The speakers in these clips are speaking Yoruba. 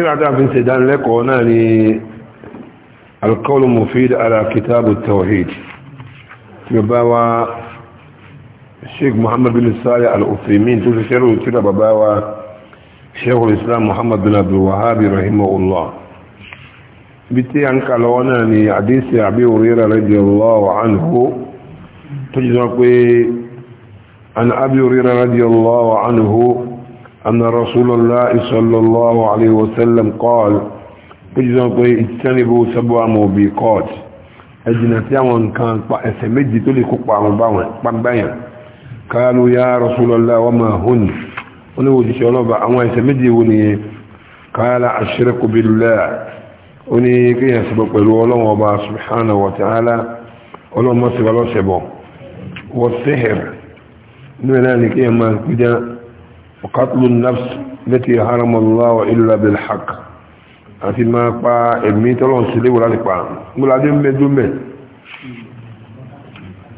tíra tá a fi ń ṣe dánilẹ́kọ̀ọ́ náà ni alkọ́lù mufid ala kitabu tawhid tí ó bá wá sheik muhammad bin sari al-uthaymin tó ṣe ṣẹ́rù tíra bàbá wa sheik islam muhammad bin abdul wahabi rahimahullah bí tí a ń kà lọ́wọ́ náà ni àdísì àbí òrìrà radiyallahu anhu tó jẹ́ sọ pé an أن رسول الله صلى الله عليه وسلم قال اجتنبوا سبع موبقات اجنتي وان كان اسمجي تولي كوبا مباون بامبايا قالوا يا رسول الله وما هن ولو دي شلون با اوان اسمجي وني قال اشرك بالله وني كي سبب الولون وبا سبحانه وتعالى ولو ما سبب الله سبب والسحر نولا لكي ما كده وقتل النفس التي حرم الله إلا بالحق àti máa pa ẹ̀mí tọ́lọ̀n sí léwò láti pa múládé mẹ́jú mẹ́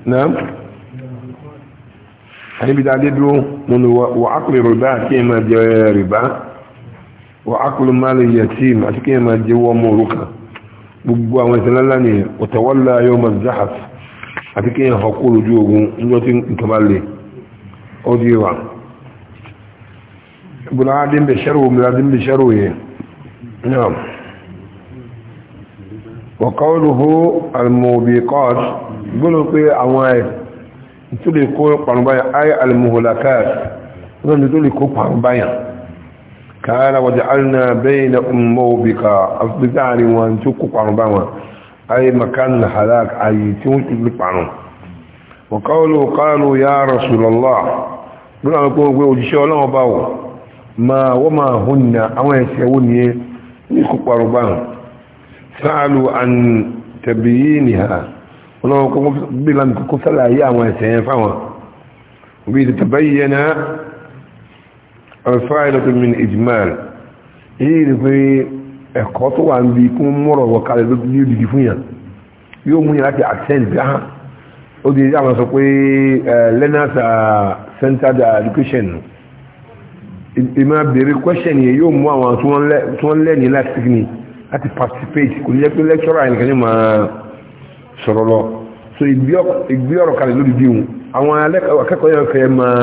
náà àníbìdá dédú múnú wà ákùlù rìbá àti ẹ̀mà jẹ rìbá wà ákùlù máa lè yẹ tí àti kí ẹ̀mà jẹ wọ́n mú orúkà gbogbo àwọn ìsẹ̀lẹ́lá ni ọ̀tẹ̀wọ́lá yóò بنادم بشرو بنادم بشرو نعم وقوله الموبقات قلوا في أواي تولي كو قنبايا أي المهلكات ظن تولي كو قنبايا كان وجعلنا بين موبقا أصدقاء وان تكو قنبايا أي مكان الحلاك أي تولي قنبايا وقولوا قالوا يا رسول الله قلوا أنا كو قلوا جشي الله باو ma wọ́n ma hún na àwọn ẹ̀ṣẹ̀ wó ní ní kòpàrò bá hàn sáàlù àn tẹ̀bìyí ni ha ọlọ́wọ́ kọ́ bí lámì kókó sálàyé àwọn ẹ̀ṣẹ̀ yẹn fáwọn bí i tẹ̀bẹ̀yẹ na alfáìlọ́tún min ijmal yìí ni pé ẹ̀kọ́ tó wà ń kún mọ́rọ̀ wọ kalẹ̀ ló ní fún yàn yóò mú yàn láti accent bí hàn ó di àwọn sọ pé eh, learners center centered education ìmọ̀ bèèrè question yẹn yóò mú àwọn tí wọ́n lẹ́ni láti ní láti participate kò ní jẹ́ pé lecturer ẹnìkan ní máa sọ̀rọ̀ lọ so ìgbé ọ̀rọ̀ kalẹ̀ lórí bí wọn àwọn akẹ́kọ̀ọ́ yẹn fẹ́ máa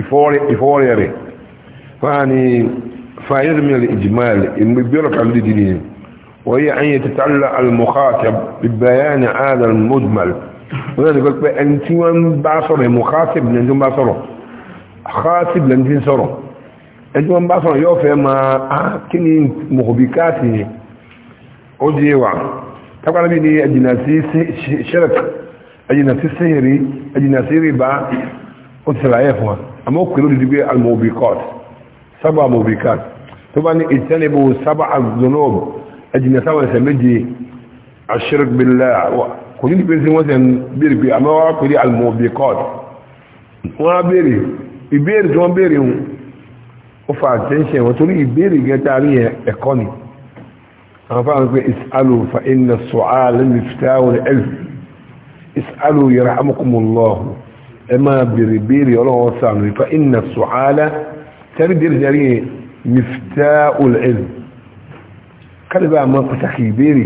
ìfọwọ́rẹ́ rẹ̀ wọ́n ni fàáyé ẹjọ́ ń bá sọ̀rọ̀ yóò fẹ́ ma á ah, kí ni mọ̀kòbí káàtì yẹn ó di wà tápàlá bí ní ẹjìnà sí ṣẹ́rẹ̀k ẹjìnà sí sẹ́yìnrí ẹjìnà sí rìbá ó ti sàlàyé fún wa àmọ́ ó kéré olùdígbé almobi court sábà mobi court tó bá ní ìtẹ́lẹ̀bù sábà azonob ẹjìnà sábà ẹsẹ̀ méje àṣírẹ̀k bílá kò ní ìpèsè wọ́n sẹ̀ ń béèrè pé àmọ́ wọ́n á pèrè almobi court wọ́n á béèrè ìbéèrè tí wọ́n béèrè ó fa attention wọ́n torí ìbéèrè gẹta rí ẹ̀kọ́ ni àwọn fáwọn pé is'alu fa inna su'ala miftahu al-ilm is'alu yarhamukumullah ẹ máa bèèrè bèèrè ọlọ́wọ́ sànù fa inna su'ala tẹ́rí bèèrè jẹ́rí miftahu al-ilm kálíbà àmọ́ pàtàkì ìbéèrè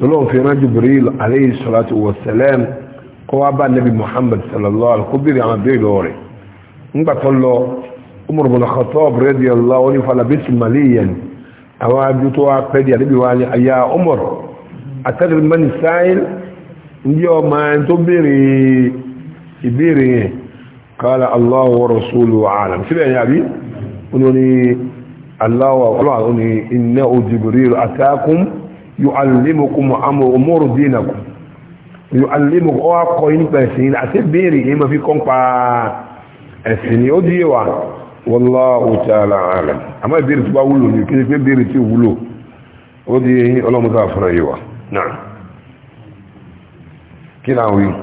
lọ́lọ́wọ́ fi rán Jibril alayhi salatu wa salam kọ́wá bá nabi Muhammad sallallahu alaihi wa sallam lọ umar bin khattab radiyallahu anhu falabisu maliyan awa ajuto wa pedi alibi wa ni ya umar atadri man sa'il ndi o ma to bere ìbéèrè yẹn qala allah wa rasuluhu alam sibe ya bi unoni allah wa allah unoni inna jibril atakum yuallimukum amru umur dinakum yuallimukum o ko yin pe sin àti bere yẹn ma fi kon pa ẹ̀sìn ni ó di والله تعالى عالم اما ديرت با ولو ني كي ديرت سي ولو ودي الله مغفر ايوا نعم كناوي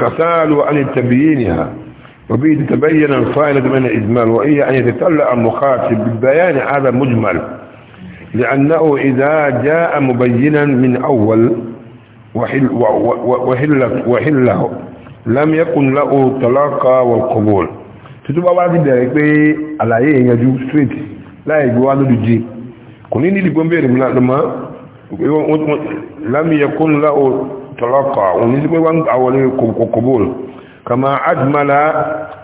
كسال عن تبيينها وبه تبين الفائده من الاجمال وهي ان يتطلع المخاطب بالبيان هذا مجمل لانه اذا جاء مبينا من اول وحل وحل وحله لم يكن له طلاق والقبول tuntun bá wá fi dẹ̀rẹ̀ pé àlàyé ìyànjú straight láì gbówá lójú jí kò ní nílùú gbọ́n bèèrè lọ́mọ́ lámìyẹ kún láò tọ́lọ́kọ̀ òun ní pé wọ́n àwọlé kòkòbòl kama ajmala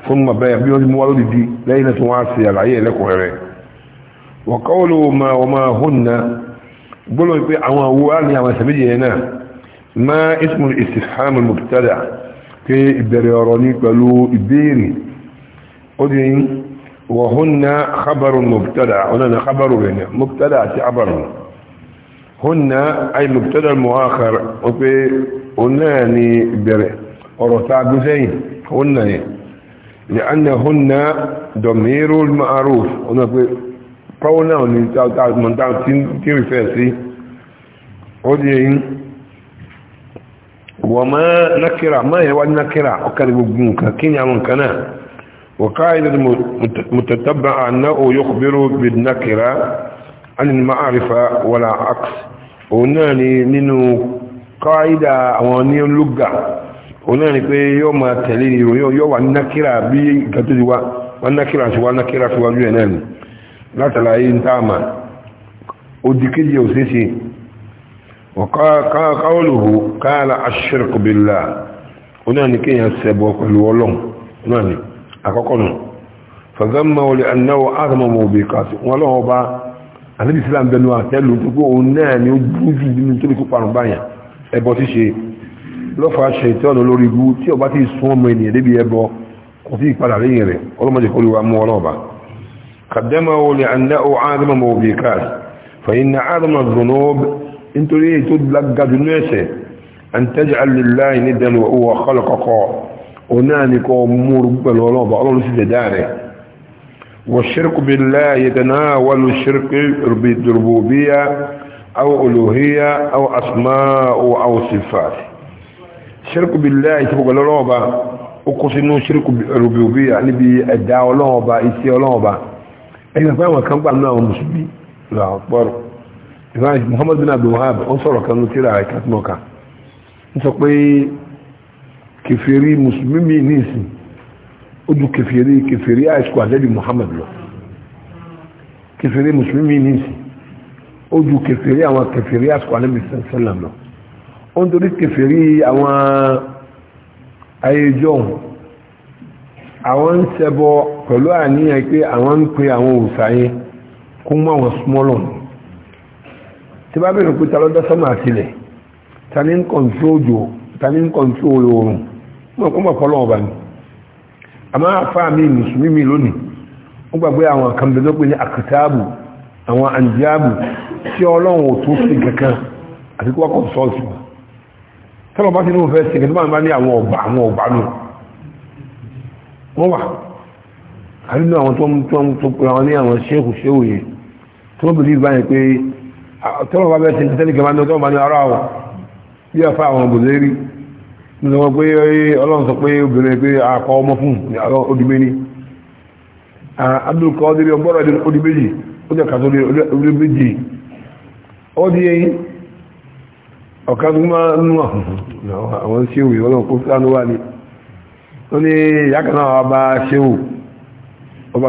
fún mabẹ́ bí wọ́n mú wá lójú jí lẹ́yìn náà tó wá sí àlàyé ẹlẹ́kùnrin rẹ̀ wọ́n kọ́wọ́lò ma wọ́n máa hún na gbọ́lọ̀ pé àwọn àwọ̀ ní àwọn ìsẹ̀méjì yẹn náà ma ismul istifham al pé ìbẹ̀rẹ̀ ọ̀rọ̀ ní pẹ̀lú ìbéèrè odin wa hunna khabarun mubtada khabaru bina mubtada ati abaru hunna ay mubtada muakhar o pe hunna ni bere ọ̀rọ̀ ta gu ni لأن هن ضمير المعروف هنا pronoun ni ta ta man ta tin tin refer sí ó di yin wa ma nakira ma ya wa nakira o kare gugun ka وقاعدة متتبعة أنه يخبر بالنكرة عن المعرفة ولا عكس وناني منه قاعدة أواني اللغة وناني في يوم تلين يوم النكرة بكتدوا والنكرة سوى النكرة سوى الجنان لا تلاقين تاما ودكي يوسيسي وقال قوله قال الشرك بالله وناني كي يسبوك الولون وناني àkọ́kọ́nù fàzánmọ́ lè anáwọ̀ áàmọ̀mọ̀ òbí kàtù wọn lọ́wọ́ bá anábì islam bẹnu àtẹ́lù tó pé òun náà ni ó gbújù nínú tó lè kó parun báyà ẹbọ ti ṣe lọ́fà ṣe ìtọ́nà lórí igu tí ọba ti sún ọmọ ènìyàn débi ẹbọ onáni kọ múrù pẹ̀lú ọlọ́ọ̀bá ọlọ́run sí dẹ̀dá rẹ̀ والشرك بالله يتناول الشرك بالربوبية أو ألوهية أو أسماء أو صفات شرك بالله يتبقى للرعبة أقصنوا شرك بالربوبية نبي الدعاء للرعبة إسي للرعبة أين فهم كم قالنا ومسلمين لا أكبر محمد بن عبد الوهاب أنصر كانوا تلاعي كاتموكا نسوك بي kẹfẹ́rí mùsùlùmí ní ìsìn ó ju kẹfẹ́rí kẹfẹ́rí àìsíkò àlẹ́bí Muhammad lọ kẹfẹ́rí mùsùlùmí ní ìsìn ó ju kẹfẹ́rí àwọn kẹfẹ́rí àìsíkò àlẹ́bí sẹ́lẹ̀m lọ ó ń torí kẹfẹ́rí àwọn ayéjọ́ àwọn ń ṣẹbọ pẹ̀lú àníyàn pé àwọn ń pe àwọn òòṣà yẹn kó mú àwọn súnmọ́lọ̀ nù tí bá bẹ̀rẹ̀ pé ta ló dá ń kọ̀ǹtó òjò wọ́n mọ̀ fọ́lọ́wọ́ bá ní àmá àfáà mi mi lónìí ó gbàgbé àwọn kàmbẹ̀lọ́pẹ̀ ní àkìtàbù àwọn àǹjáàbù tí ọlọ́run ò tún sí kankan àti kọ́kọ́ sọ́ọ̀tù tọ́lọ̀ bá ti ní òun fẹ́ sí kẹ́kẹ́ tó bá ní àwọn ọ̀gbà àwọn ọ̀gbà nù wọ́n wà á nínú àwọn tó ń tó ń tó pé àwọn ní àwọn ṣéhù ṣéhù nínú wọn pé ọlọ́run sọ pé obìnrin pé àkọ ọmọ fún odìmé ni abdulkọ́ ọdún ọgbọ́rọ̀ ẹ̀dùn odìmé jì ó jẹ́ kàtó odìmé jì ó di eyín ọ̀ká tó máa nú àwọn ṣéwù ọlọ́run kó sáà wà ní ó ní ìyákan náà ọba ṣéwù ọba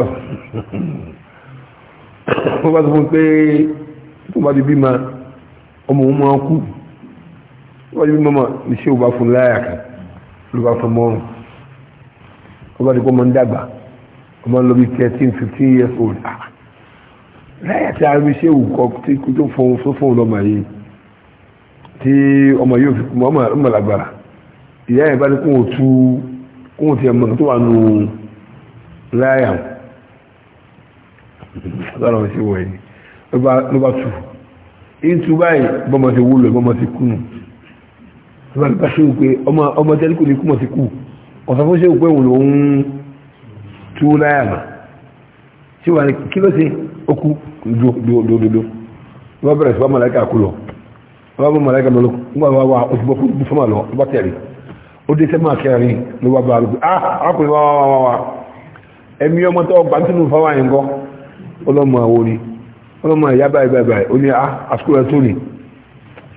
sọ fún pé tó bá ti bí ma ọmọ òun máa kú mama wọ́n yí mọ́mọ́ níṣẹ́ ò bá fún láyà kan ló bá fún mọ́rùn ó bá ti kó máa ń dàgbà ó máa ń lọ bí thirteen fifteen years old ah, láyà tí a rí iṣẹ́ ò kọ́ tí kò tó fún fún fún lọ́mọ yìí tí ọmọ yóò fi kúmọ̀ ọmọ lágbára ìyá ẹ̀ bá ní kún òtú kún òtí ẹ̀mọ̀ tó wà nù láyà lọ́nà sí wọ̀ ẹni ló bá tù ìtú báyìí bọ́mọ ti wúlò bọ́mọ ti kúnnù ìbá nípa ṣe wípé ọmọ tẹ́líkù ní kúmọ̀ ti kú ọ̀sán fún ṣe wípé òun lòun tú láyà mà tí wà ní kí ló ṣe ó kú dododo wọ́n bẹ̀rẹ̀ sí wọ́n mọ̀lẹ́kà kú lọ wọ́n bá mọ̀lẹ́kà lọ wọ́n bá wà ó ti bọ́ fún fún àlọ́ wọ́n bá tẹ̀lé ó dé sẹ́mà kẹrin ló wá bá rúgbìn ah ọkùnrin wá wá wá wá ẹ̀mí ọmọ tó gbà tí mo fọwọ́ àyẹ̀ngọ́ ọlọ́mọ àwọn orí ọlọ́mọ ìyá báyìí báyìí ó ní ah àsìkò rẹ̀ tó nìí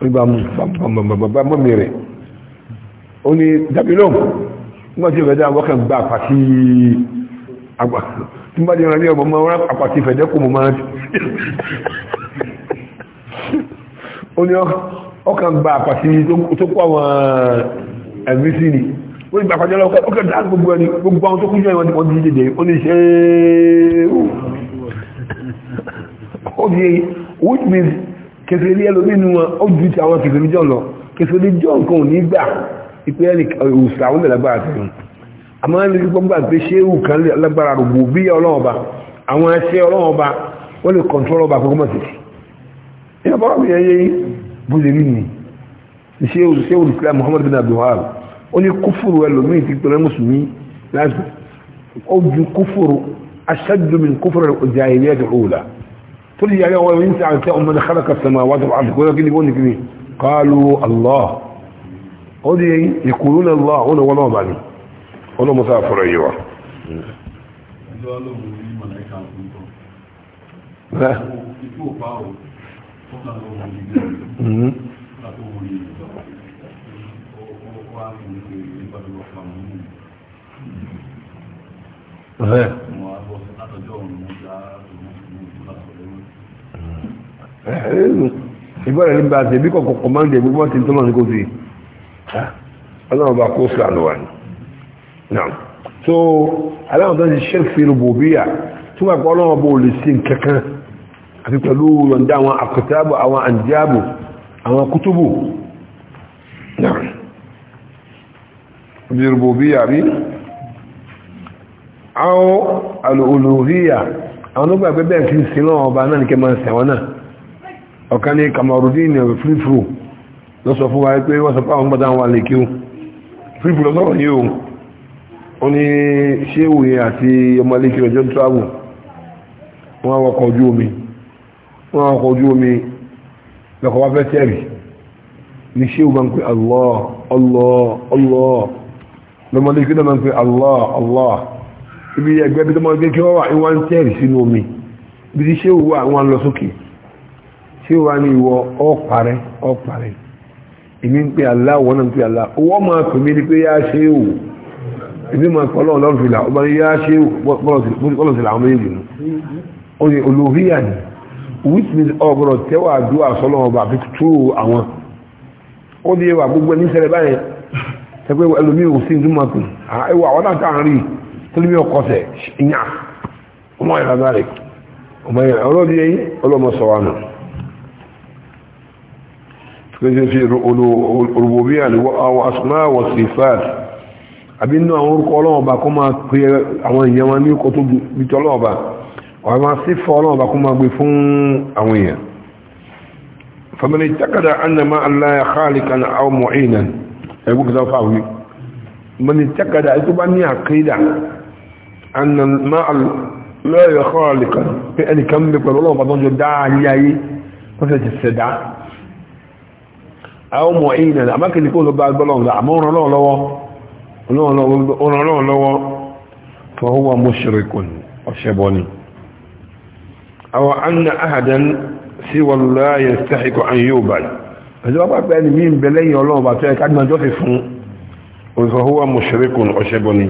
bá mi rẹ̀ ó ní dabilom nígbà tí ìfẹ̀dẹ́ àwọn kan gba àpàtì àgbà tí bá jẹ́ ìrànlẹ́ ọmọ máa rán àpàtì ìfẹ̀dẹ́ kò mọ̀ máa ó ní ọkàn gba àpàtì tó kọ́ àwọn ẹ̀mí sí ni ó ní gba àpàtì ọlọ́kọ̀ ó kẹ́ta gbogbo ẹni gbogbo àwọn tó kú jẹ́ ìwọ̀n ti jẹjẹ ó ní ṣe é ó ní which means kẹsìrì ní ẹlòmí inú wọn ó ju ti àwọn kẹsìrì jọ lọ kẹsìrì jọ nǹkan ò ní gbà ìpé ẹni òsì àwọn ìlágbára tẹ̀yìn àmọ́ ẹni gbogbo gbà pé ṣé ewu kan lágbára rògbò bí ọlọ́wọ́ ba àwọn ẹṣẹ́ ọlọ́wọ́ ba wọ́n lè kọ̀ntọ́rọ̀ ọba àkókò mọ̀tì ìyá bọ́lá mi yẹ bó ṣe rí ni قل يا يا وانت عن من خلق السماوات والارض كل كده يقول لك قالوا الله قل يقولون الله هنا ولا معني ولا مسافر ايوه لا ìbọ̀rẹ̀ ní bá ṣe bí kọ̀kọ̀ kọ̀máǹdì gbogbo ti tọ́lọ̀ ní kò sí ọlọ́run bá kó sàánù ní náà so aláwọn tó ń ṣe fi rúbò bíyà tó wà pọ̀ ọlọ́run bó lè sí kankan àti pẹ̀lú yọ̀ǹda àwọn akọ̀tàbù àwọn àǹdíàbù àwọn kútùbù náà àwọn olóògbà pé bẹ́ẹ̀ fi sí náà ọba náà ní kẹ́ máa sẹ̀wọ́n náà ọ̀kan ní Kamarudin fífúrú lọ fún wa pé wọ́n sọ pé àwọn gbọ́dá wà lè kíw fífúrú lọ sọ̀rọ̀ yìí o ó ní ṣéwù yẹn àti ọmọ lè kí ọjọ́ tíráàbù wọ́n Allah Allah Allah lọ́mọdé kí náà máa Allah Allah ibi ẹgbẹ́ bí tọmọ gẹ́gẹ́ wọ́n wà wọ́n ń tẹ́rì sínú omi bí ti ṣé òwú àwọn lọ sókè ṣé wà ní ìwọ ọ̀pàrẹ́ ọ̀pàrẹ́ èmi ń pè àlá wọ́n náà ń pè àlá owó máa pè mí ni pé yá ṣe ò èmi máa pọ̀ lọ́wọ́ lọ́rùn fìlà ọba ní yá ṣe bọ́lọ̀ sí làwọn méjì nù ó ní olóríyà ni which means ọgbọ̀rọ̀ tẹ́wà àdúrà sọ́lọ́ ọba àfi tó àwọn ó ní ẹwà gbogbo ẹni sẹ́rẹ̀ báyẹn ẹgbẹ́ ẹlòmíì ò sí ìdúmọ̀ pè ẹwà ọ̀dà tá à ń rí i torí bí ọkọ̀ tẹ̀ ṣìyà ọmọ ìlà bárẹ̀ ọmọ ìlà ọlọ́dí ẹyí ọlọ́mọ sọ̀wánù fẹ́sẹ̀ fi olùwòbíyà ní àwọn asùnmá wọ̀ sí fat àbí inú àwọn orúkọ ọlọ́ọ̀bà kó máa pè àwọn èèyàn wọn ní ọkọ̀ tó bí ti ọlọ́ọ̀bà wọ́n máa sí fọ́ ọlọ́ọ̀bà kó máa gbé fún àwọn èèyàn فمن اعتقد أن ما الله خالقا أو معينا يقول كذا فاوي من اعتقد أتبعني عقيدة أن ما لا يخالق بأن يعني كم بقول الله بعضهم جدعا ليه مثل السدع أو معين لا ما كان يقول بعد بلون لا عمونا لا لا لا لا لا فهو مشرك وشبوني أو أن أحدا سوى الله يستحق أن يوبل هذا بقى يعني بأن مين بلين الله بعد ذلك جوفي فهو مشرك وشبوني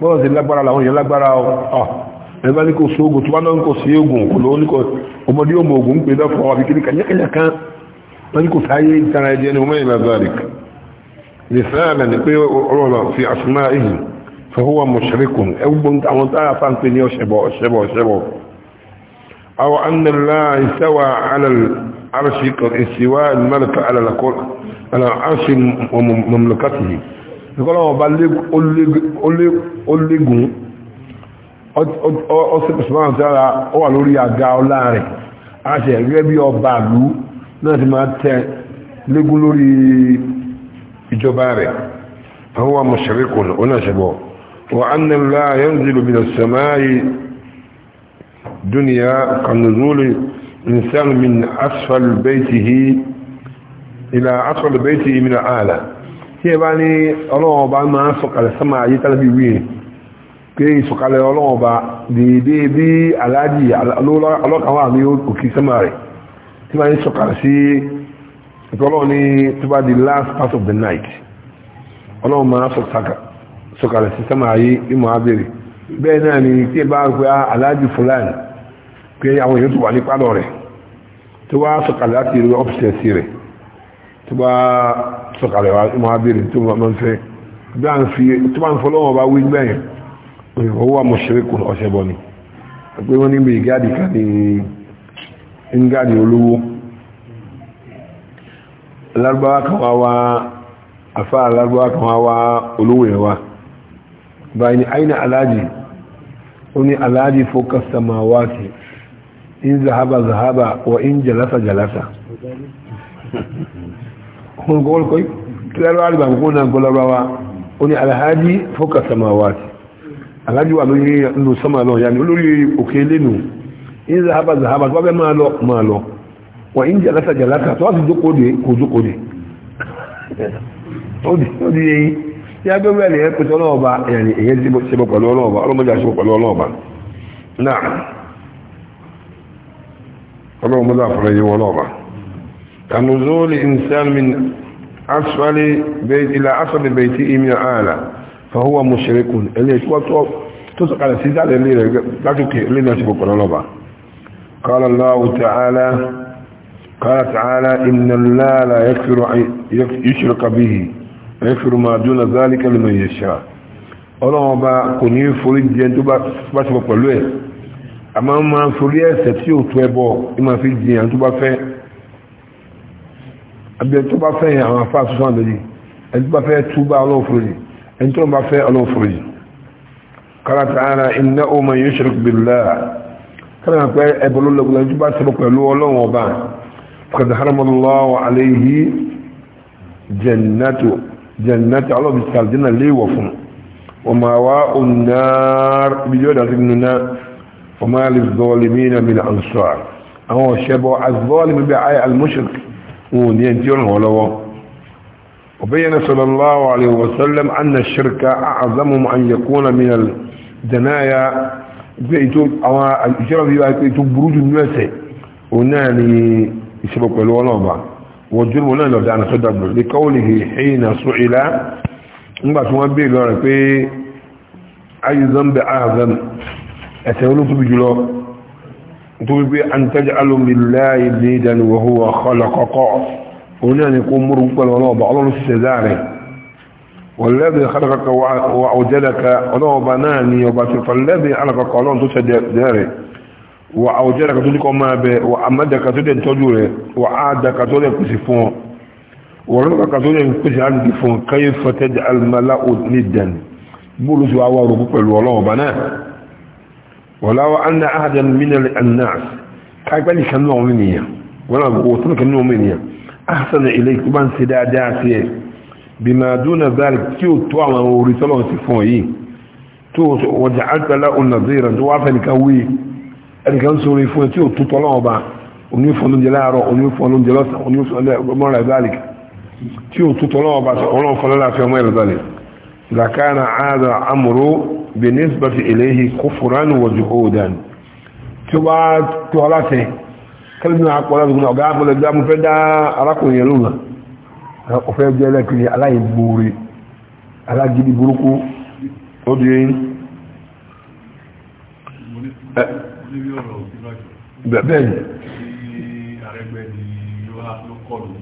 bọ́ọ̀ sí lágbára làwọn èèyàn lágbára ọ̀ ẹgbẹ́ ní kò sí ogun tó bá náà kò sí ogun kò lówó ní kò ọmọdé ọmọ ogun pè náà fọwọ́ àbíkí ní kanyakanya kan wọ́n ní kò sáyé ìtara ẹjẹ́ ní ọmọ ìlà zarik lè sáàlà ní pé ọlọ́rọ̀ fi àsùnmá ìhìn fọwọ́ mọ̀ṣẹ́ríkùn ẹgbùn àwọn tára fà ń pè ní ọ̀ṣẹ̀bọ̀ ọ̀ṣẹ̀bọ̀ ọ̀ṣẹ̀bọ̀ àwọn annàlá ìṣẹ́wà alàlárṣì kan ìṣẹ́wà mẹ́lẹ̀kà alàlárṣì mọ̀mọ̀lẹ̀kàtìyì ìkọlọ́wọ́ bá olégun ọsẹ́pẹ̀sọ́mọ́ sára ó wà lórí àga ọlá rẹ̀ aṣẹ rẹ̀ bí ọba àlú náà ti máa tẹ légún lórí ìjọba rẹ̀ àwọn amọ̀ṣẹ̀ríkùn onáṣẹ́bọ̀ wà annàlá yanzilu minas samai duniya kanuzuli insan min asfal baitihi ila asfal baitihi min ala tí ẹ bá ní ọlọ́wọ́n ọba máa ń sọ̀kalẹ̀ sọ́mà ayé tálẹ́bí wíyẹn pé ìsọ̀kalẹ̀ ọlọ́wọ́n ọba dèédé bí aláàjì ọlọ́kàwà ní òkè sọ́mà rẹ̀ tí wọ́n ń sọ̀kalẹ̀ sí ìtọ́lọ́wọ́n ní tó bá di last part of the night ọlọ́wọ́n máa sọ̀kalẹ̀ sí sọ́mà ayé ìmọ̀ abẹ́rẹ́ bẹ́ẹ̀ náà ni tí ẹ bá ń pẹ́ ah, aláàjì fúlàní pé àwọn èèyàn tó wà ní pálọ̀ rẹ̀ tó wá sọ̀kalẹ̀ láti ìlú ọ́fíìsì rẹ̀ tó bá sọ̀kalẹ̀ wa máa bèèrè tó máa ń fẹ́ bí a ń fi tó máa ń fọ́ lọ́wọ́ bá wí gbẹ̀yìn owó àmọ̀ṣẹ́rẹ́kù ọ̀ṣẹ́ bọ̀ ni pé wọ́n níbi ìgáàdì kan ní ìgáàdì olówó lárúbáwá kan wá wá afá lárúbáwá kan wá wá olówó yẹn wá báyìí ni àyínà aláàjì ó ní aláàjì fọ́kà samawati in zahaba zahaba wa in jalasa jalasa kun gol koy larawa na oni alhaji fuka samawati alhaji wa lórí lu sama lo yani lórí òkè lenu in zahaba zahaba ma lo ma lo wa in jalasa jalasa to asi de ko de odi odi yi ya be wele e ko tolo ba yani e yedi se bo pẹ̀lú Ọlọ́run ba Ọlọ́run mo ja ba na Ọlọ́run mo ba كنزول إنسان من أسفل بيت إلى أسفل بيته من أعلى فهو مشرك اللي يتوقع تسقى السيدة اللي لا تكي اللي نسبك قال الله تعالى قال تعالى إن الله لا يكفر يشرك به ويكفر ما دون ذلك لمن يشاء ọlọ́wọ́n bá kò ní forí jẹ tó bá ṣe pọ̀ pẹ̀lú ẹ̀ àmọ́ máa forí ẹ̀sẹ̀ tí ò tó ẹbọ ní fi jìyàn tó bá fẹ́ àbí ẹni tó bá fẹ́ yẹn àwọn afá àtúntò àlòdì ẹni tó bá fẹ́ túbà ọlọ́ọ̀fọ̀rọ̀jì ẹni tó bá fẹ́ ọlọ́ọ̀fọ̀rọ̀jì qala ta'ala innahu man yushrik billah kára pé ẹbọ ló lọ́gbọ̀n ẹni tó bá sọ̀rọ̀ pẹ̀lú ọlọ́run ọba qad harama Allahu alayhi jannatu jannatu ọlọ́ọ̀bì sàlìjìnà léèwọ̀ fún wa ma'wa'un nar ibi yóò dàtí nínú náà wa ma liz-zalimina min ansar àwọn òṣèbọ̀ az ونين تيرن ولو وبين صلى الله عليه وسلم أن الشرك أعظم أن يكون من الدنايا بيتو أو الشرك بيتو بروج الناس وناني يسبق الولوما والجرم لا نبدأ أن لقوله حين سئل نبقى تنبيه لورك أي ذنب أعظم أتولوك بجلو nítorí pé an taj'alu lillahi nidan wa huwa khalaqakum òun náà ni kó múrù pẹ̀lú ọlọ́ọ̀bà ọlọ́run sì ṣẹ̀dá rẹ̀ walladhi khalaqaka wa awjadaka ọlọ́ọ̀bà náà ni ọba ti falladhi khalaqaka ọlọ́run tó ṣẹ̀dá rẹ̀ wa awjadaka tó ní kọ́ máa bẹ wa amadaka tó dẹ̀ tọ́jú wa aadaka tó dẹ̀ pèsè wa rizqaka tó dẹ̀ pèsè kayfa taj'al mala'u nidan bóòlù sí wa wà rògbò pẹ̀lú ọlọ́ọ̀bà náà ولو أن أحدا من الناس كأقبل كنوع مني ولا وصل كنوع مني أحسن إليك من سدا داسي بما دون ذلك كيو توعما ورسالة سفوي تو وجعلت له النظيرا توعفا لكوي أن كان سوري فوي تيو تطلعوا onífọ̀nù jẹ láàárọ̀ onífọ̀nù jẹ lọ́sàn onífọ̀nù jẹ mọ́ra ìbálẹ̀ tí ó tútọ́ lọ́wọ́ bá sọ ọlọ́run fọ́lọ́lá fi ọmọ ìrọ̀dálẹ̀ لكان هذا أمر بالنسبة إليه كفرا وجهودا تبا تولاته كلمة أقوال أقول أقام ولا أقام فدا أراكم يلونا أفهم ذلك لي على يبوري على جدي بروكو أدين بẹ́ẹ̀ni ààrẹ gbẹ̀ẹ́ ni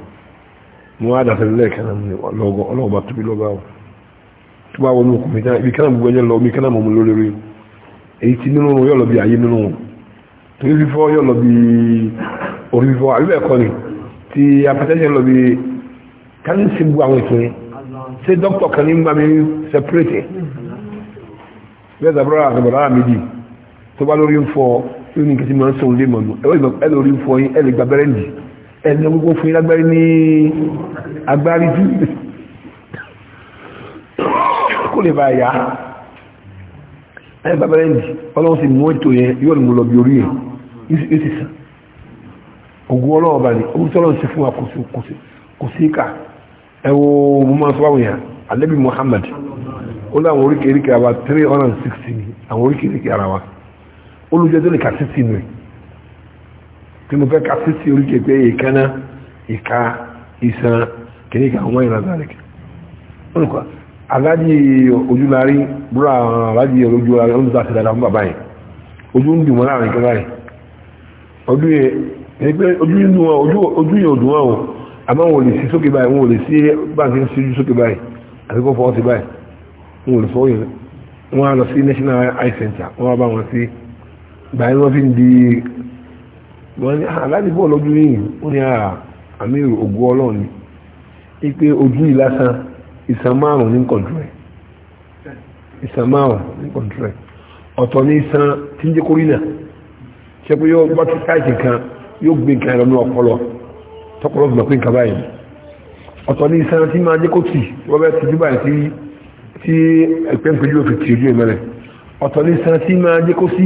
mo wá dàtẹ̀ lẹ́ẹ̀kan lọ́gọ́ ọlọ́ọ̀bá tóbi lọ́gbà wọn tó bá wọnú ọkùnrin náà ibi kánà gbogbo ẹyẹ lọ omi kánà mọ̀mú lórí rí èyí tí nínú yóò lọ bí ayé nínú torí fífọ́ yóò lọ bí orí fífọ́ àbíbẹ̀ ẹ̀kọ́ ni ti apẹtẹ́sẹ̀ lọ bí kánì sí gbogbo àwọn ètò yẹn ṣé dókítà kan ní gbàmí sẹpẹrẹtì bẹ́ẹ̀ dàbọ̀rọ̀ àdàbọ̀rọ̀ àmìdì tó bá lórí ń fọ yóò ní kí ti máa ń sọ ẹni gbogbo fún ilágbárí ní agbárí jù kó lè bá yá ẹni bàbára ẹni ọlọ́run sì mú ètò yẹn yóò ní mo lọ bí orí ẹ̀ yóò sì sàn ògùn ọlọ́run bá ní orí tọ́lọ́run sì fún wa kò sí máa sọ àwọn alẹ́bí Muhammad ó láwọn oríkèéríkèé àwa 360 ni àwọn oríkèéríkèé ara wa olùjẹ́jọ́ ní 60 pé mo fẹ́ ka sísí oríkè pé ìkánná ìka ìsan kìíní ka wọ́n ìlànà àdìkì wọ́n kọ́ aláàjì ojúlarí búra aláàjì ojúlarí ó ń sàṣẹ dáadáa fún bàbá yẹn ojú ń dùn wọn láàrin kan báyìí ọdún yẹn ẹni pé ojú yẹn dùn wọn ojú yẹn ò dùn wọn o àmọ́ wọn lè sí sókè báyìí wọn lè sí báńkì ń síjú sókè báyìí àti kó national eye center wọn á bá wọn sí wọ́n ní aláàbí bọ́ lójú yìí ó ní àmì ah, ògùn ọlọ́run ni ipe ojú yìí lásán ìsàn márùn ní kọ̀ǹtù rẹ̀ ìsàn márùn ní kọ̀ǹtù rẹ̀ ọ̀tọ̀ ní ìsàn tí ń jẹ́ kórìnà ṣe pé yóò gbọ́ tíkáìtì kan yóò gbé nǹkan ẹ̀rọ ní ọpọlọ tọpọlọ fi mọ̀ pé nǹkan báyìí ọ̀tọ̀ ní ìsàn tí máa jẹ́ kó tì wọ́n bẹ́ẹ̀ ti dúbà tí tí ẹgbẹ́ ń pẹ́jú òfin tì ojú ẹ̀mẹ́rẹ̀ ọ̀tọ̀ ní ìsàn tí máa jẹ́ kó sí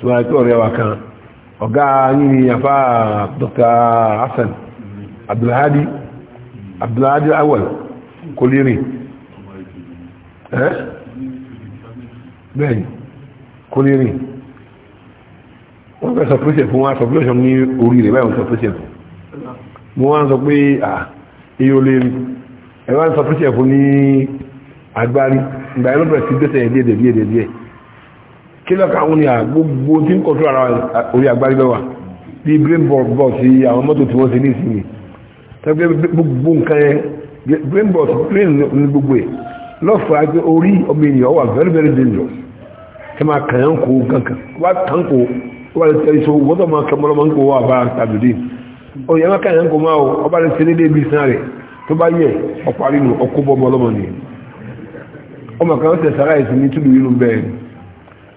tí wọ́n tó rẹwà kan ọ̀gá yìí afá Dr. Hassan Abdulhadi Abdulhadi Awal koliri bẹ́ẹ̀ni koliri wọ́n fẹ́ sọpúlẹ̀ṣẹ̀ fún wọn sọpúlẹ̀ṣẹ̀ ní orí rẹ̀ báyìí sọpúlẹ̀ṣẹ̀ fún mo wá ń sọ pé à iyo lè rí ẹ̀wọ́n sọpúlẹ̀ṣẹ̀ fún ní agbárí ìgbà ẹlọ́bẹ̀rẹ̀ sí gbẹ́sẹ̀ ẹ̀dẹ́ ẹ̀dẹ́ kílọ̀kà àwọn ìyà gbogbo tí ń kọ̀tún ara orí agbárígbẹ́wà bí brain bọt sí àwọn mọ́tò tí wọ́n ti ní ìsinmi tẹ́gbẹ́ gbogbo nǹkan yẹn brain ball brain ní gbogbo ẹ̀ lọ́fàá pé orí ọmọ ènìyàn wà very very dangerous ẹ máa kàn án kó kankan wá kàn kó tó máa kàn ń kó bá tàbílì máa kàn án kó máa lè ṣe ibi sàn rẹ̀ tó bá yẹ ọ̀parí nù ọkọ̀ bọ́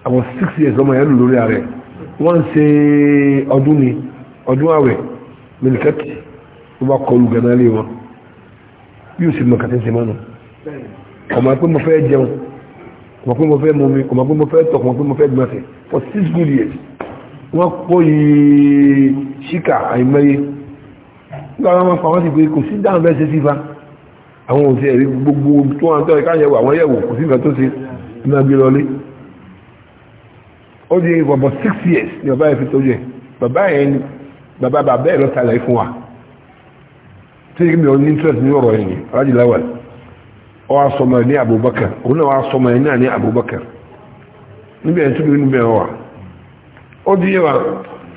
àwọn six years lọ́mọ yẹn lórí ààrẹ wọ́n ń ṣe ọdún ni ọdún ààwẹ̀ mílíkẹ́tì ló bá kọlu gánà lé wọn bí o sì mọ kàtí ṣe mánu ọmọ pé mo fẹ́ jẹun ọmọ pé mo fẹ́ mọmi ọmọ pé mo fẹ́ tọ̀ ọmọ pé mo fẹ́ gbọ̀nsẹ̀ for six good years wọ́n kọ́ yìí ṣíkà àìmọye nígbà wọn pa wọn sì pé kò sí dáhùn bẹ́ẹ̀ ṣe sí fa àwọn òṣèré gbogbo tó wọn tọ́ ẹ̀ká yẹ̀wò àwọn yẹ̀wò kò sí ìfẹ́ tó ṣe ní agbèrè ọlé ó di for six years ni bàbá yẹn fi tọ́jú bàbá yẹn bàbá bàbá yẹn lọ sàlẹ̀ fún wa tí yìí mi ò ní interest ní ọ̀rọ̀ yẹn alájì láwàl ọ wa sọmọ ní Abubakar òun náà wa sọmọ náà ní Abubakar níbi níbi wa ó di wa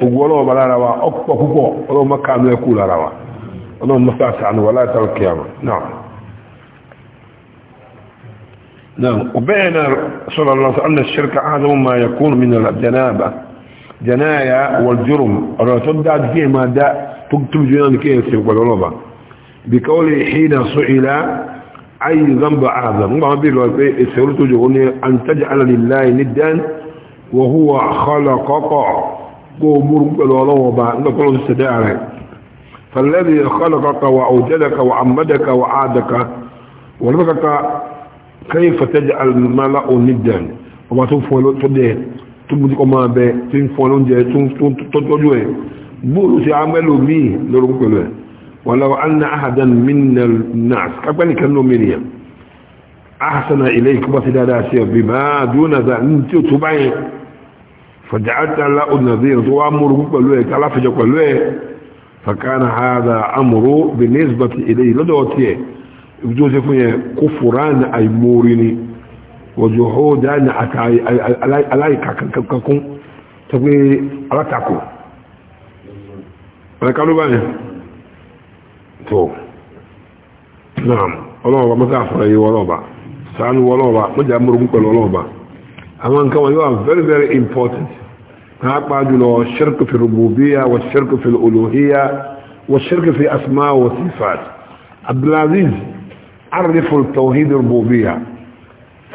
ògùn ọlọ́wọ́ bá lára wa púpọ̀ ọlọ́wọ́ ẹ̀kú lára wa ọlọ́wọ́ wà láì kíyàmù náà. نعم وبين صلى الله عليه وسلم أن الشرك أعظم ما يكون من الجنابة جنايا والجرم الرسول دعت فيه ما داء تكتب جنان يقول الله بقوله حين سئل أي ذنب أعظم ما بيقول السؤال تجوني أن تجعل لله ندا وهو خلقك قومر وبا نقول استدعى فالذي خلقك وأوجدك وعمدك وعادك ولبكك كيف تجعل الملأ ندا وما تنفولو تدي تمدي كما به تنفولو جاي تنتوجو بولو سي عملو مي لورو كلو ولو ان احدا من الناس كبل كانوا منيا احسن اليك بس دا داسي بما دون ذا انت تبعي فجعلت لا النذير وامر كلو كلا فجو كلو فكان هذا امر بالنسبه اليه لدوتيه ìjọ́jẹ́ fún yẹn kó fòrán àìmórí ni wọ́jọ́ ó dáná àtà aláìkàkàkún tó pé alátakò alẹ́kálú báyìí tó náà ọlọ́ọ̀bá mọ́sá fọ́rọ̀ yìí wọ́lọ́ọ̀bá sáánú wọ́lọ́ọ̀bá mọ́já mọ́rún pẹ̀lú ọlọ́ọ̀bá àwọn nǹkan wọ́n yíwa very very important náà pàájùlọ ṣirkù fi rububiya wa ṣirkù fi olóhíya wa ṣirkù fi asma abdulaziz عرفوا التوحيد الربوبية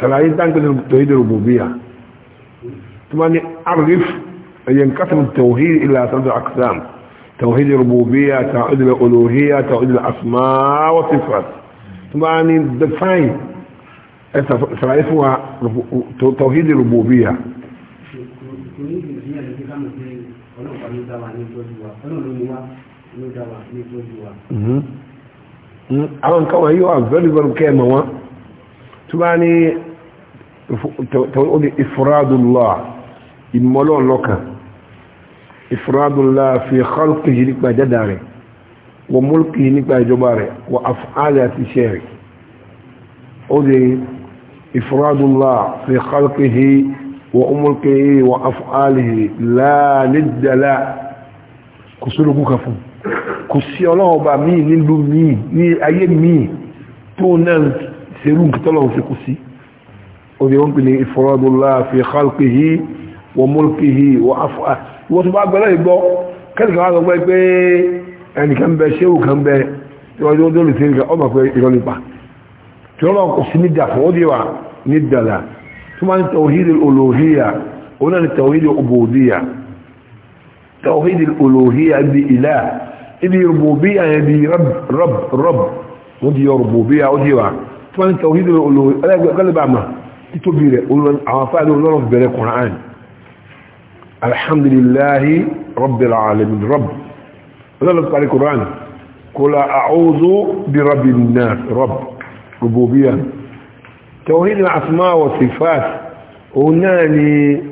سلاحين تنقل التوحيد الربوبية ثم عرف ينقسم التوحيد إلى ثلاثة أقسام توحيد الربوبية توحيد الألوهية توحيد الأسماء والصفات ثم define سلاحفها توحيد الربوبية Mm-hmm. àwọn nǹkan wọ̀nyí wà very very kẹ́ mọ̀ wọn tó bá ní ìfúrádùlá ìmọ́lọ́ lọ́kàn ìfúrádùlá fi khalqihi nípa jẹ́dà rẹ̀ wọ mulkihi nípa ìjọba rẹ̀ wọ af'ali àti iṣẹ́ rẹ̀ ó di ìfúrádùlá fi khalqihi wọ mulkihi wọ af'alihi láàrídàlá kò sórùkú kan fún kò sí ọlọ́run ọba míì nílùú míì ní ayé míì tó náà ṣerú nkìtọ́lọ́run ṣe kò sí obi wọn pè ní ìfọ̀rọ̀dúnlá fi khalqihi wa mulkihi wa afọ́ ìwọ́n tó bá gbẹ́lẹ́ ìgbọ́ kẹ́lìkan wá sọ pé ẹnìkan bẹ ṣéwù kan bẹ tí wọ́n tó ọmọ ibi rububiya yẹn di rab rab rab wọ́n di yọ rububiya ó di wa tí wọ́n ń tawhid olówó ẹlẹ́gbẹ̀gbẹ̀lẹ́bà ma títóbi rẹ̀ àwọn afáàlẹ́ olóòrùn bẹ̀rẹ̀ Qur'an alhamdulillahi rabbil alamin rab olóòrùn parí Qur'an kula a'udhu bi rabbin nas rab rububiya tawhid al-asma wa sifat òun náà ni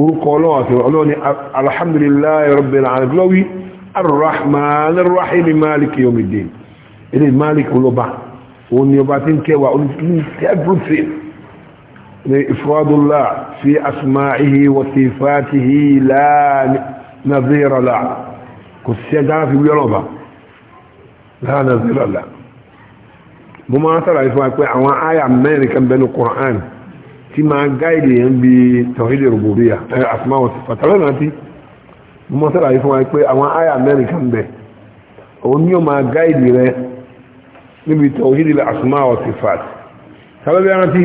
orúkọ ọlọ́wọ́ àti ọlọ́wọ́ ni alhamdulillahi rabbil alamin lọ́wí arrahman arrahim maliki yomidin ilé malik olóba òun ni ọba tí ń kẹwàá òun ti ní everything ni ifradullah fi asma'ihi wa sifatihi la nazira la kò sí ẹja fi wí ọlọ́ba la nazira la mo sára ìfún pé àwọn àyà mẹ́rin kan bẹ́ẹ̀ ní tí gáìdì yẹn bí tọ̀hídì ti pàtàkì náà tí mọ́ sára yìí fún wa pé àwọn àyà bẹ̀ òun ni ó gáìdì rẹ níbi tọ̀hídì ti fà sábẹ́ bí rántí.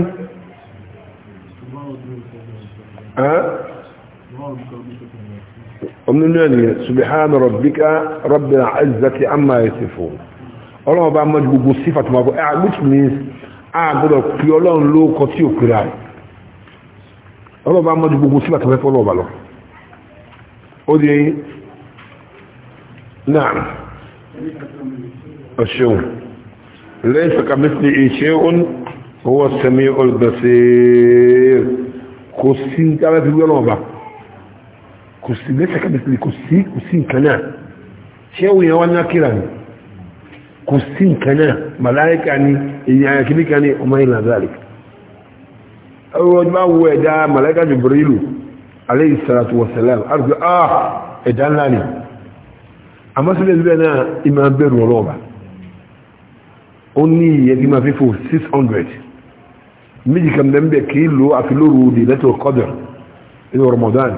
ومن يعني سبحان ربك رب العزة عما يصفون ọlọ́run bá mọ́ gbogbo sífàtí ma bọ́ ẹ̀ which a gbọ́dọ̀ pí tí ò ọlọ́ba mọ́jú gbogbo sílẹ̀ tó fẹ́ fọ́lọ́ba lọ ó di náà ọ̀ṣẹ́un lẹ́yìn sọ̀kàmẹ́sì ìṣẹ́un owó sẹ́mi olùgbẹ̀sẹ̀ kò sí dára fi wọ́lọ́ba kò sí lẹ́yìn sọ̀kàmẹ́sì kò sí kò sí nǹkan náà ṣẹ́un yẹn wá ní akíra ni kò sí nǹkan náà màláíkà ni èyí àyàkíníkà ni ọmọ ìlànà ọjọ́ máa wo ẹ̀dá malaika jibrilu alayhi salatu wa salam arúgbó ah ẹ̀dá ńlá ni àmọ́ sílẹ̀ síbẹ̀ náà ìmọ̀ bẹ̀rù ọlọ́ọ̀bà ó ní ìyẹ́ tí máa fífò 600 méjì kan bẹ́ẹ̀ kì í lo àfi lóru di lẹ́tọ̀ kọ́dọ̀ nínú Ramadan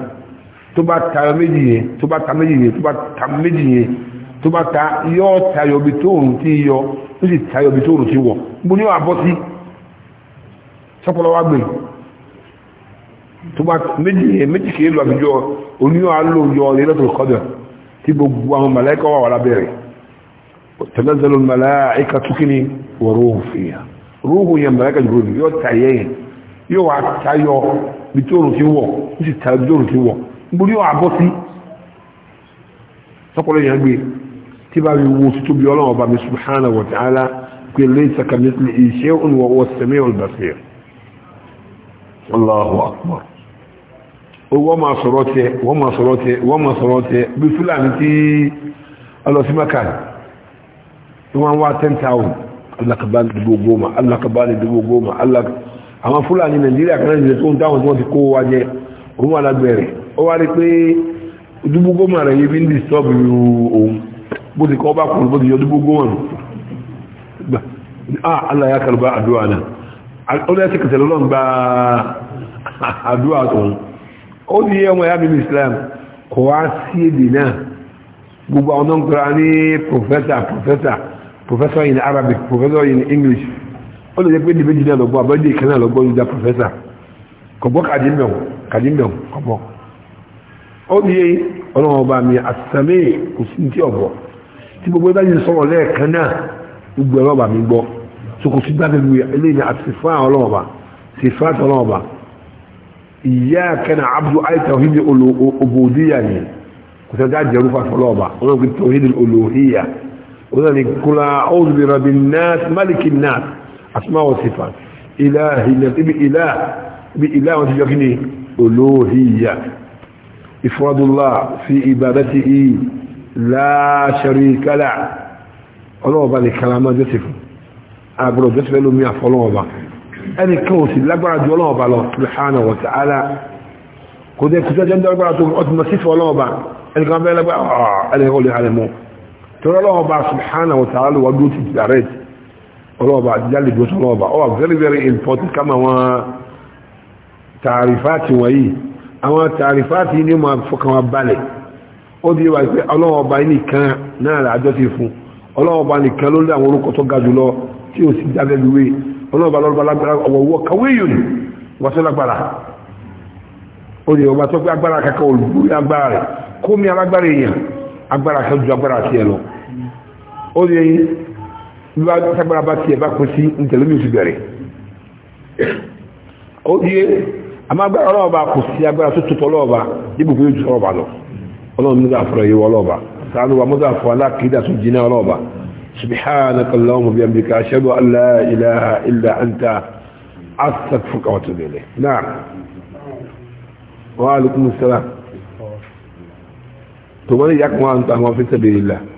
tó bá ta méjì yẹn tó bá ta méjì yẹn tó bá ta méjì yẹn tó bá ta yọ́ tayọ̀ bí tóòrùn ti yọ ó sì tayọ̀ bí tóòrùn ti wọ̀ mo ní wà bọ́ sí sọ́pọ̀lọ́ wá gbé tó bá méjì kìí lọ àbíjọ oníyàn alóòjọ lẹ́lẹ́tò kọ́dọ̀ tí gbogbo àwọn màláíkà wà lábẹ́rẹ̀ tẹ́lẹ́sẹ̀lẹ́ màláíkà túnkìní wọ̀rọ̀ òfìyà rúhù yẹn màláíkà jùlọ yóò tàyẹ yẹn yóò wá tayọ bí tó rùn sí wọ̀ ó sì tayọ bí tó rùn sí wọ̀ níbo yóò àbọ́ sí sọ́pọ̀lọ́ yẹn gbé tí bá mi wo títóbi ọlọ́run ọba mi subhanahu wa ta'ala pé lẹ́sàkà mi ìṣẹ́ òun wọ́ sẹ́mi olùbàṣẹ́ Allahu akbar wọ́n máa sọ̀rọ̀ tẹ wọ́n máa sọ̀rọ̀ tẹ wọ́n máa sọ̀rọ̀ tẹ bí fúlàní tí ọlọ́símẹ́kà tí wọ́n wá 10,000 alákàbálì dìbò goma alákàbálì dìbò goma àwọn fúlàní nàìjíríà kan náà tó ń dáwọn tí wọ́n ti kó wa jẹ òun alágbẹ̀rẹ̀ ó wá rí pé dìbò goma rẹ̀ yìí ń disturb òun bó ti kọ́ bá kùn bó ti yọ dìbò goma nù ah aláyàkàlùbá olóyẹ́sì kìtẹ̀lú náà gba àdúrà tòun ó ní ọmọ ìyá bíbí Islam kò wá sí èdè náà gbogbo àwọn náà ń kọ́ra ní professor professor professor in Arabic professor in English ó lè jẹ́ pé dìbò jìnnà lọ́gbọ́ àbọ̀dé ìkànnà lọ́gbọ́ ìjà professor kò gbọ́ kàdínmẹ̀wò kàdínmẹ̀wò kò gbọ́ ó ní ọlọ́run ọba mi àtàmì kò sí ní tí ọ̀bọ̀ tí gbogbo ẹgbẹ́ yìí sọ̀rọ̀ lẹ́ẹ̀kan náà gbogbo ẹ̀rọ ọba mi gbọ́ soko sí dábẹ́ lu eléyìí ni àsìfá ọlọ́ọ̀ba sìfá ọlọ́ọ̀ba ìyá kẹ́nà abdu ayé tawhid olùbòdìyà ni kò sẹ́dá jẹ́rú fàfọ́ ọlọ́ọ̀ba ọlọ́ọ̀ kì tawhid olùhìyà ọlọ́ọ̀ ni kula a'udhu bi rabbin nas maliki nas asma wa sifat ilahi nas ibi ilah ibi ilah wọn ti jọ kíni olùhìyà ifradullah fi ibadatihi la sharika la ọlọ́ọ̀ba ni kalama joseph àgbọ̀rọ̀ jọ́sẹ̀ lómi àfọlọ́ọ̀bà ẹni kan ò sì lágbára ju ọlọ́ọ̀bà lọ subhanahu wa ta'ala kò dé kò sẹ́jọ́ lágbára tó ọtí mọ̀ sífẹ́ ọlọ́ọ̀bà ẹni kan bẹ́ẹ̀ lágbára ah, ẹni kan lè halẹ̀ mọ́ torí ọlọ́ọ̀bà subhanahu wa ta'ala wà dúró ti direct very very important kama wọn tàrífàtì wọ̀nyí àwọn tàrífàtì ni mo fọkàn wa balẹ̀ ó di wà pé ọlọ́ọ̀bà nìkan náà làájọ́ ti fún ọlọ́ọ̀bà nìkan ló ní àwọn orúkọ tó ga jùlọ tí ó sì jáde lúwé ọlọ́ọ̀bá lọ́rọ̀bá lágbára ọ̀wọ̀wọ́ kàwé yòní wọ́n tó lágbára ó lè ọba tó pé agbára kankan olùgbòrí agbára rẹ̀ kó mi alágbára èèyàn agbára kan ju agbára ti lọ ó lè bá sagbára bá ti bá kó sí ntẹ̀lómi bẹ̀rẹ̀ ó àmọ́ agbára ọlọ́ọ̀bá kò sí agbára tó yóò ju ọlọ́ọ̀bá lọ ọlọ́ọ̀bá سبحانك اللهم بيمدك أشهد أن لا إله إلا أنت أستغفرك وأتوب إليك نعم وعليكم السلام تمنى يكون أنت في سبيل الله